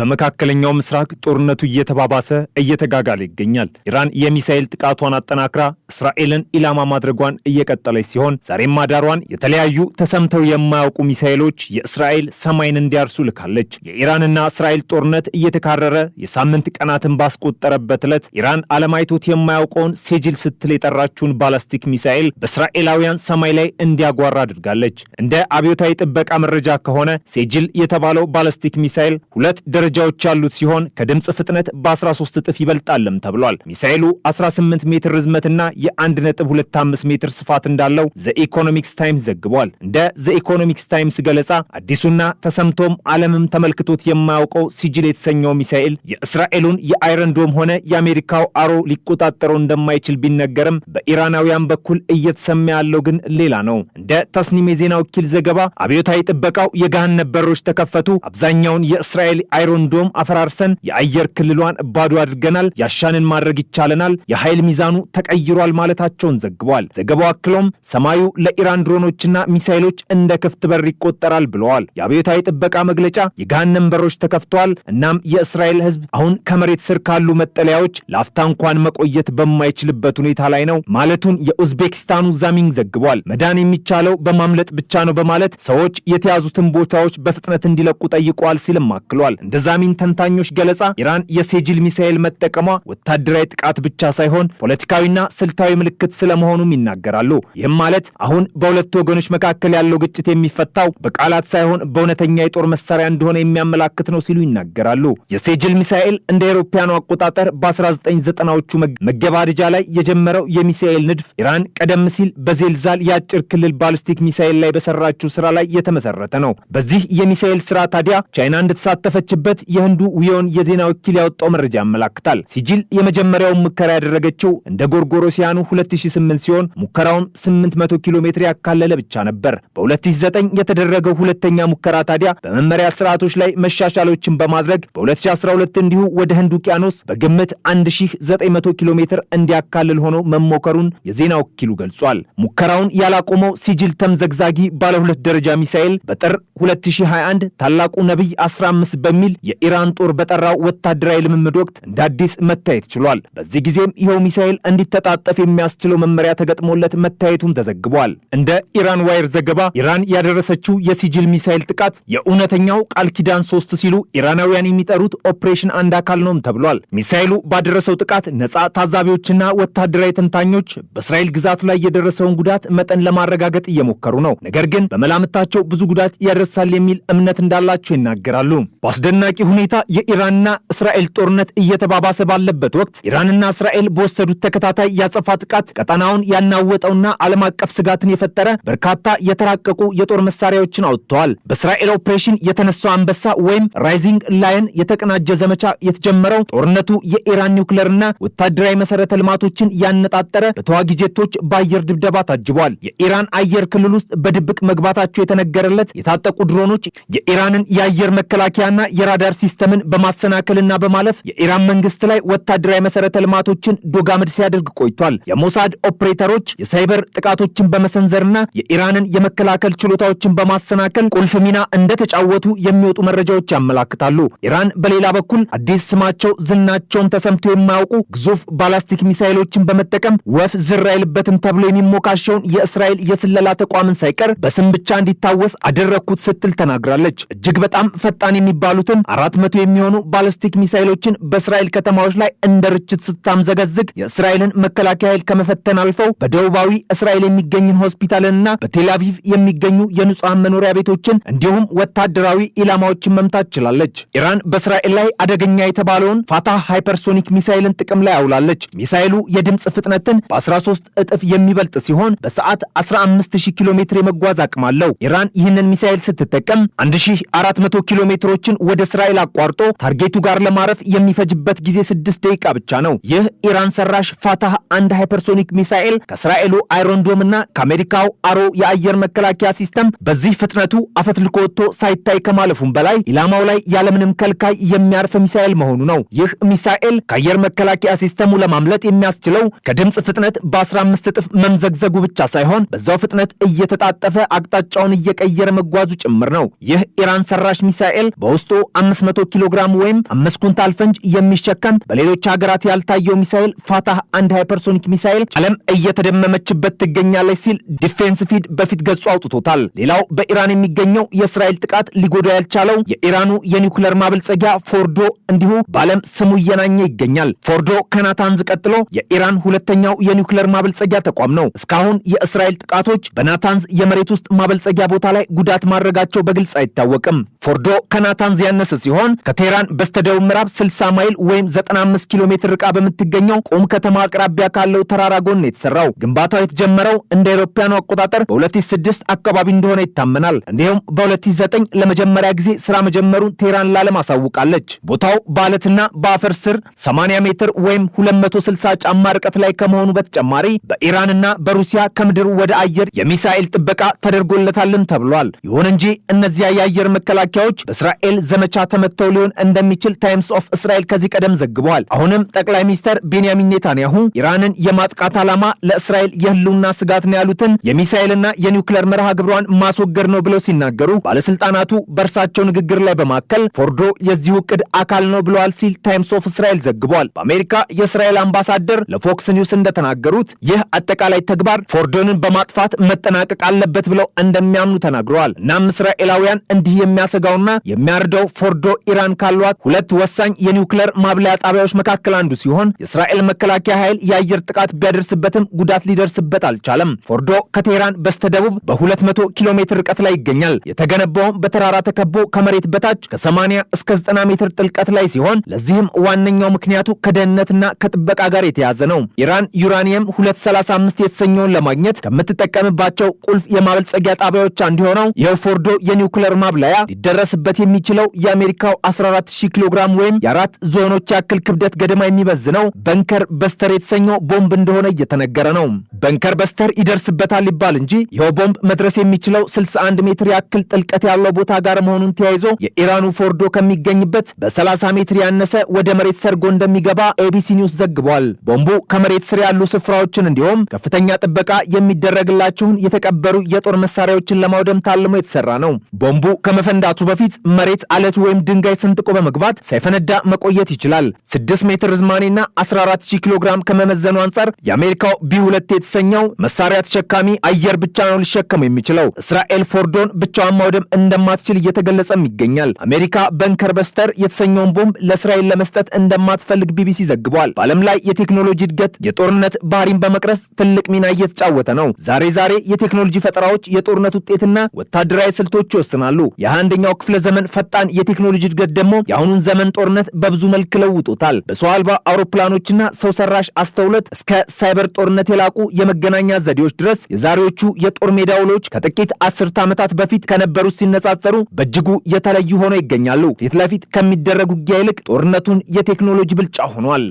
በመካከለኛው ምስራቅ ጦርነቱ እየተባባሰ እየተጋጋለ ይገኛል። ኢራን የሚሳኤል ጥቃቷን አጠናክራ እስራኤልን ኢላማ ማድረጓን እየቀጠለች ሲሆን ዛሬም ማዳሯን የተለያዩ ተሰምተው የማያውቁ ሚሳኤሎች የእስራኤል ሰማይን እንዲያርሱ ልካለች። የኢራንና እስራኤል ጦርነት እየተካረረ የሳምንት ቀናትን ባስቆጠረበት ዕለት ኢራን አለማይቶት የማያውቀውን ሴጅል ስትል የጠራችውን ባላስቲክ ሚሳኤል በእስራኤላውያን ሰማይ ላይ እንዲያጓራ አድርጋለች። እንደ አብዮታዊ ጥበቃ መረጃ ከሆነ ሴጅል የተባለው ባላስቲክ ሚሳኤል ሁለት ደረጃዎች ያሉት ሲሆን ከድምፅ ፍጥነት በ13 እጥፍ ይበልጣልም ተብሏል። ሚሳኤሉ 18 ሜትር ርዝመትና የ1.25 ሜትር ስፋት እንዳለው ዘኢኮኖሚክስ ታይምስ ዘግቧል። እንደ ዘኢኮኖሚክስ ታይምስ ገለጻ አዲሱና ተሰምቶም ዓለምም ተመልክቶት የማያውቀው ሲጅል የተሰኘው ሚሳኤል የእስራኤሉን የአይረንዶም ሆነ የአሜሪካው አሮ ሊቆጣጠረው እንደማይችል ቢነገርም በኢራናውያን በኩል እየተሰማ ያለው ግን ሌላ ነው። እንደ ተስኒም የዜና ወኪል ዘገባ አብዮታዊ ጥበቃው የገሃነም በሮች ተከፈቱ፣ አብዛኛውን የእስራኤል አይሮ ሮንዶም አፈራርሰን የአየር ክልሏን ባዶ አድርገናል፣ ያሻንን ማድረግ ይቻለናል፣ የኃይል ሚዛኑ ተቀይሯል ማለታቸውን ዘግቧል። ዘገባው አክሎም ሰማዩ ለኢራን ድሮኖችና ሚሳይሎች እንደ ክፍት በር ይቆጠራል ብለዋል። የአብዮታዊ ጥበቃ መግለጫ የገሃነም በሮች ተከፍተዋል፣ እናም የእስራኤል ሕዝብ አሁን ከመሬት ስር ካሉ መጠለያዎች ለአፍታ እንኳን መቆየት በማይችልበት ሁኔታ ላይ ነው ማለቱን የኡዝቤክስታኑ ዛሚንግ ዘግቧል። መዳን የሚቻለው በማምለጥ ብቻ ነው በማለት ሰዎች የተያዙትን ቦታዎች በፍጥነት እንዲለቁ ጠይቋል ሲልም አክሏል። በዛሚን ተንታኞች ገለጻ ኢራን የሴጅል ሚሳኤል መጠቀሟ ወታደራዊ ጥቃት ብቻ ሳይሆን ፖለቲካዊና ስልታዊ ምልክት ስለመሆኑም ይናገራሉ። ይህም ማለት አሁን በሁለቱ ወገኖች መካከል ያለው ግጭት የሚፈታው በቃላት ሳይሆን በእውነተኛ የጦር መሳሪያ እንደሆነ የሚያመላክት ነው ሲሉ ይናገራሉ። የሴጅል ሚሳኤል እንደ አውሮፓውያኑ አቆጣጠር በ1990ዎቹ መገባደጃ ላይ የጀመረው የሚሳኤል ንድፍ ኢራን ቀደም ሲል በዜልዛል የአጭር ክልል ባሊስቲክ ሚሳኤል ላይ በሰራችው ስራ ላይ የተመሰረተ ነው። በዚህ የሚሳኤል ስራ ታዲያ ቻይና እንደተሳተፈችበት ዕለት የህንዱ ውዮን የዜና ወኪል ያወጣው መረጃ ያመላክታል። ሲጂል የመጀመሪያውን ሙከራ ያደረገችው እንደ ጎርጎሮሲያኑ 2008 ሲሆን ሙከራውን 800 ኪሎ ሜትር ያካለለ ብቻ ነበር። በ2009 የተደረገው ሁለተኛ ሙከራ ታዲያ በመመሪያ ስርዓቶች ላይ መሻሻሎችን በማድረግ በ2012 እንዲሁ ወደ ህንድ ውቅያኖስ በግምት 1900 ኪሎ ሜትር እንዲያካልል ሆኖ መሞከሩን የዜና ወኪሉ ገልጿል። ሙከራውን ያላቆመው ሲጅል ተምዘግዛጊ ባለ ሁለት ደረጃ ሚሳኤል በጥር 2021 ታላቁ ነቢይ 15 በሚል የኢራን ጦር በጠራው ወታደራዊ ልምምድ ወቅት እንደ አዲስ መታየት ችሏል። በዚህ ጊዜም ይኸው ሚሳኤል እንዲተጣጠፍ የሚያስችለው መመሪያ ተገጥሞለት መታየቱም ተዘግቧል። እንደ ኢራን ዋይር ዘገባ ኢራን ያደረሰችው የሲጅል ሚሳኤል ጥቃት የእውነተኛው ቃል ኪዳን ሶስት ሲሉ ኢራናውያን የሚጠሩት ኦፕሬሽን አንድ አካል ነውም ተብሏል። ሚሳኤሉ ባደረሰው ጥቃት ነጻ ታዛቢዎችና ወታደራዊ ተንታኞች በእስራኤል ግዛት ላይ የደረሰውን ጉዳት መጠን ለማረጋገጥ እየሞከሩ ነው። ነገር ግን በመላምታቸው ብዙ ጉዳት ያደርሳል የሚል እምነት እንዳላቸው ይናገራሉ። በአስደናቂ በአሰቃቂ ሁኔታ የኢራንና እስራኤል ጦርነት እየተባባሰ ባለበት ወቅት ኢራንና እስራኤል በወሰዱት ተከታታይ ያጸፋ ጥቃት ቀጠናውን ያናወጠውና ዓለም አቀፍ ስጋትን የፈጠረ በርካታ የተራቀቁ የጦር መሳሪያዎችን አውጥተዋል። በእስራኤል ኦፕሬሽን የተነሳው አንበሳ ወይም ራይዚንግ ላየን የተቀናጀ ዘመቻ የተጀመረው ጦርነቱ የኢራን ኒውክለርና ወታደራዊ መሰረተ ልማቶችን ያነጣጠረ በተዋጊ ጄቶች በአየር ድብደባ ታጅቧል። የኢራን አየር ክልል ውስጥ በድብቅ መግባታቸው የተነገረለት የታጠቁ ድሮኖች የኢራንን የአየር መከላከያና የራዳ የራዳር ሲስተምን በማሰናከልና በማለፍ የኢራን መንግስት ላይ ወታደራዊ መሰረተ ልማቶችን ዶጋምድ ሲያደርግ ቆይቷል። የሞሳድ ኦፕሬተሮች የሳይበር ጥቃቶችን በመሰንዘርና የኢራንን የመከላከል ችሎታዎችን በማሰናከል ቁልፍ ሚና እንደተጫወቱ የሚወጡ መረጃዎች ያመላክታሉ። ኢራን በሌላ በኩል አዲስ ስማቸው ዝናቸውም ተሰምቶ የማያውቁ ግዙፍ ባላስቲክ ሚሳይሎችን በመጠቀም ወፍ ዝር አይልበትም ተብሎ የሚሞካሸውን የእስራኤል የስለላ ተቋምን ሳይቀር በስም ብቻ እንዲታወስ አደረግኩት ስትል ተናግራለች። እጅግ በጣም ፈጣን የሚባሉትን አራት መቶ የሚሆኑ ባለስቲክ ሚሳይሎችን በእስራኤል ከተማዎች ላይ እንደ ርችት ስታምዘገዝግ የእስራኤልን መከላከያ ኃይል ከመፈተን አልፈው በደቡባዊ እስራኤል የሚገኝን ሆስፒታልንና በቴልአቪቭ የሚገኙ የንጹሐን መኖሪያ ቤቶችን እንዲሁም ወታደራዊ ኢላማዎችን መምታት ችላለች። ኢራን በእስራኤል ላይ አደገኛ የተባለውን ፋታህ ሃይፐርሶኒክ ሚሳይልን ጥቅም ላይ አውላለች። ሚሳይሉ የድምፅ ፍጥነትን በ13 እጥፍ የሚበልጥ ሲሆን በሰዓት 150 ኪሎ ሜትር የመጓዝ አቅም አለው። ኢራን ይህንን ሚሳይል ስትጠቀም 1400 ኪሎ ሜትሮችን ወደ እስራኤል አቋርጦ ታርጌቱ ጋር ለማረፍ የሚፈጅበት ጊዜ ስድስት ደቂቃ ብቻ ነው። ይህ ኢራን ሰራሽ ፋታህ አንድ ሃይፐርሶኒክ ሚሳኤል ከእስራኤሉ አይሮንዶም እና ከአሜሪካው አሮ የአየር መከላከያ ሲስተም በዚህ ፍጥነቱ አፈትልኮ ወጥቶ ሳይታይ ከማለፉም በላይ ኢላማው ላይ ያለምንም ከልካይ የሚያርፍ ሚሳኤል መሆኑ ነው። ይህ ሚሳኤል ከአየር መከላከያ ሲስተሙ ለማምለጥ የሚያስችለው ከድምፅ ፍጥነት በ15 እጥፍ መምዘግዘጉ ብቻ ሳይሆን በዛው ፍጥነት እየተጣጠፈ አቅጣጫውን እየቀየረ መጓዙ ጭምር ነው። ይህ ኢራን ሰራሽ ሚሳኤል በውስጡ 500 ኪሎ ግራም ወይም 5 ኩንታል ፈንጅ የሚሸከም በሌሎች ሀገራት ያልታየው ሚሳኤል ፋታህ አንድ ሃይፐርሶኒክ ሚሳኤል ዓለም እየተደመመችበት ትገኛለች ሲል ዲፌንስ ፊድ በፊት ገጹ አውጥቶታል። ሌላው በኢራን የሚገኘው የእስራኤል ጥቃት ሊጎዳ ያልቻለው የኢራኑ የኒውክለር ማበልጸጊያ ፎርዶ እንዲሁ በዓለም ስሙ እየናኘ ይገኛል። ፎርዶ ከናታንዝ ቀጥሎ የኢራን ሁለተኛው የኒውክለር ማበልጸጊያ ተቋም ነው። እስካሁን የእስራኤል ጥቃቶች በናታንዝ የመሬት ውስጥ ማበልጸጊያ ቦታ ላይ ጉዳት ማድረጋቸው በግልጽ አይታወቅም። ፎርዶ ከናታንዝ ያነሰ የደረሰ ሲሆን ከቴህራን በስተደቡብ ምዕራብ 60 ማይል ወይም 95 ኪሎ ሜትር ርቃ በምትገኘው ቆም ከተማ አቅራቢያ ካለው ተራራ ጎን የተሰራው ግንባታው የተጀመረው እንደ አውሮፓውያኑ አቆጣጠር በ2006 አካባቢ እንደሆነ ይታመናል። እንዲሁም በ2009 ለመጀመሪያ ጊዜ ስራ መጀመሩን ቴህራን ላለም አሳውቃለች። ቦታው በአለትና በአፈር ስር 80 ሜትር ወይም 260 ጫማ ርቀት ላይ ከመሆኑ በተጨማሪ በኢራንና በሩሲያ ከምድር ወደ አየር የሚሳኤል ጥበቃ ተደርጎለታልም ተብሏል። ይሁን እንጂ እነዚያ የአየር መከላከያዎች በእስራኤል ዘመቻ ተመትተው ሊሆን እንደሚችል ታይምስ ኦፍ እስራኤል ከዚህ ቀደም ዘግበዋል። አሁንም ጠቅላይ ሚኒስትር ቤንያሚን ኔታንያሁ ኢራንን የማጥቃት ዓላማ ለእስራኤል የህልውና ስጋት ነው ያሉትን የሚሳኤልና የኒውክሌር መርሃ ግብሯን ማስወገድ ነው ብለው ሲናገሩ ባለስልጣናቱ በእርሳቸው ንግግር ላይ በማከል ፎርዶ የዚሁ እቅድ አካል ነው ብለዋል ሲል ታይምስ ኦፍ እስራኤል ዘግቧል። በአሜሪካ የእስራኤል አምባሳደር ለፎክስ ኒውስ እንደተናገሩት ይህ አጠቃላይ ተግባር ፎርዶንን በማጥፋት መጠናቀቅ አለበት ብለው እንደሚያምኑ ተናግረዋል። እናም እስራኤላውያን እንዲህ የሚያሰጋውና የሚያርደው ፎርዶ ኢራን ካሏት ሁለት ወሳኝ የኒውክለር ማብለያ ጣቢያዎች መካከል አንዱ ሲሆን የእስራኤል መከላከያ ኃይል የአየር ጥቃት ቢያደርስበትም ጉዳት ሊደርስበት አልቻለም። ፎርዶ ከቴህራን በስተደቡብ በ200 ኪሎ ሜትር ርቀት ላይ ይገኛል። የተገነባውም በተራራ ተከቦ ከመሬት በታች ከ80 እስከ 90 ሜትር ጥልቀት ላይ ሲሆን ለዚህም ዋነኛው ምክንያቱ ከደህንነትና ከጥበቃ ጋር የተያዘ ነው። ኢራን ዩራኒየም 235 የተሰኘውን ለማግኘት ከምትጠቀምባቸው ቁልፍ የማበልጸጊያ ጣቢያዎች አንዱ የሆነው ይኸው ፎርዶ የኒውክለር ማብላያ ሊደረስበት የሚችለው የአሜሪካው 14000 ኪሎ ግራም ወይም የአራት ዞኖች ያክል ክብደት ገደማ የሚመዝነው በንከር በስተር የተሰኘው ቦምብ እንደሆነ እየተነገረ ነው። በንከር በስተር ይደርስበታል ይባል እንጂ ይኸው ቦምብ መድረስ የሚችለው 61 ሜትር ያክል ጥልቀት ያለው ቦታ ጋር መሆኑን ተያይዞ የኢራኑ ፎርዶ ከሚገኝበት በ30 ሜትር ያነሰ ወደ መሬት ሰርጎ እንደሚገባ ኤቢሲ ኒውስ ዘግቧል። ቦምቡ ከመሬት ስር ያሉ ስፍራዎችን እንዲሁም ከፍተኛ ጥበቃ የሚደረግላቸውን የተቀበሩ የጦር መሳሪያዎችን ለማውደም ታልሞ የተሰራ ነው። ቦምቡ ከመፈንዳቱ በፊት መሬት አለት ወይ ወይም ድንጋይ ሰንጥቆ በመግባት ሳይፈነዳ መቆየት ይችላል። 6 ሜትር ርዝማኔና 14 ኪሎ ግራም ከመመዘኑ አንጻር የአሜሪካው ቢ2 የተሰኘው መሳሪያ ተሸካሚ አየር ብቻ ነው ሊሸከሙ የሚችለው። እስራኤል ፎርዶን ብቻዋን ማውደም እንደማትችል እየተገለጸም ይገኛል። አሜሪካ በንከር በስተር የተሰኘውን ቦምብ ለእስራኤል ለመስጠት እንደማትፈልግ ቢቢሲ ዘግቧል። በዓለም ላይ የቴክኖሎጂ እድገት የጦርነት ባህሪን በመቅረስ ትልቅ ሚና እየተጫወተ ነው። ዛሬ ዛሬ የቴክኖሎጂ ፈጠራዎች የጦርነት ውጤትና ወታደራዊ ስልቶች ይወስናሉ። የሃያ ክፍለ ዘመን ፈጣን የቴክ የቴክኖሎጂ እድገት ደግሞ የአሁኑን ዘመን ጦርነት በብዙ መልክ ለውጦታል። በሰው አልባ አውሮፕላኖችና ሰው ሰራሽ አስተውለት እስከ ሳይበር ጦርነት የላቁ የመገናኛ ዘዴዎች ድረስ የዛሬዎቹ የጦር ሜዳ ውሎች ከጥቂት አስርት ዓመታት በፊት ከነበሩት ሲነጻጸሩ በእጅጉ የተለዩ ሆነው ይገኛሉ። ፊት ለፊት ከሚደረግ ውጊያ ይልቅ ጦርነቱን የቴክኖሎጂ ብልጫ ሆኗል።